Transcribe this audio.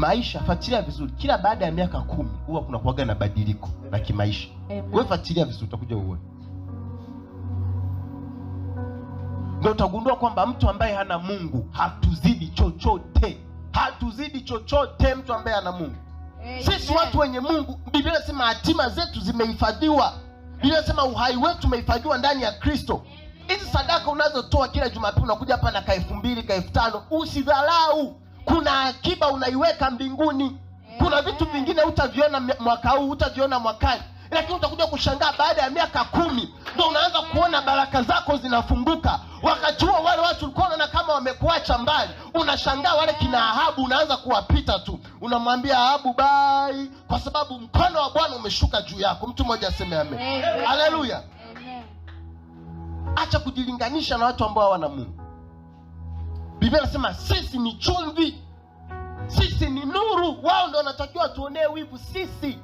maisha, fuatilia vizuri, kila baada ya miaka kumi huwa kuna kuaga na badiliko la kimaisha. Wewe fuatilia vizuri, utakuja uone, ndio utagundua kwamba mtu ambaye hana Mungu hatuzidi chochote, hatuzidi chochote mtu ambaye ana Mungu. Sisi watu wenye Mungu, Biblia inasema hatima zetu zimehifadhiwa. Biblia inasema uhai wetu umehifadhiwa ndani ya Kristo. Hizi sadaka unazotoa kila Jumapili, unakuja hapa na kaelfu mbili kaelfu tano usidharau kuna akiba unaiweka mbinguni kuna vitu vingine utaviona mwaka huu utaviona mwakani lakini utakuja kushangaa baada ya miaka kumi ndo unaanza kuona baraka zako zinafunguka wakati huo wale watu ulikuwa unaona kama wamekuacha mbali unashangaa wale kina ahabu unaanza kuwapita tu unamwambia ahabu bai kwa sababu mkono wa bwana umeshuka juu yako mtu mmoja aseme ame haleluya acha kujilinganisha na watu ambao hawana mungu Biblia inasema sisi ni chumvi, sisi ni nuru. Wao ndio wanatakiwa tuonee wivu sisi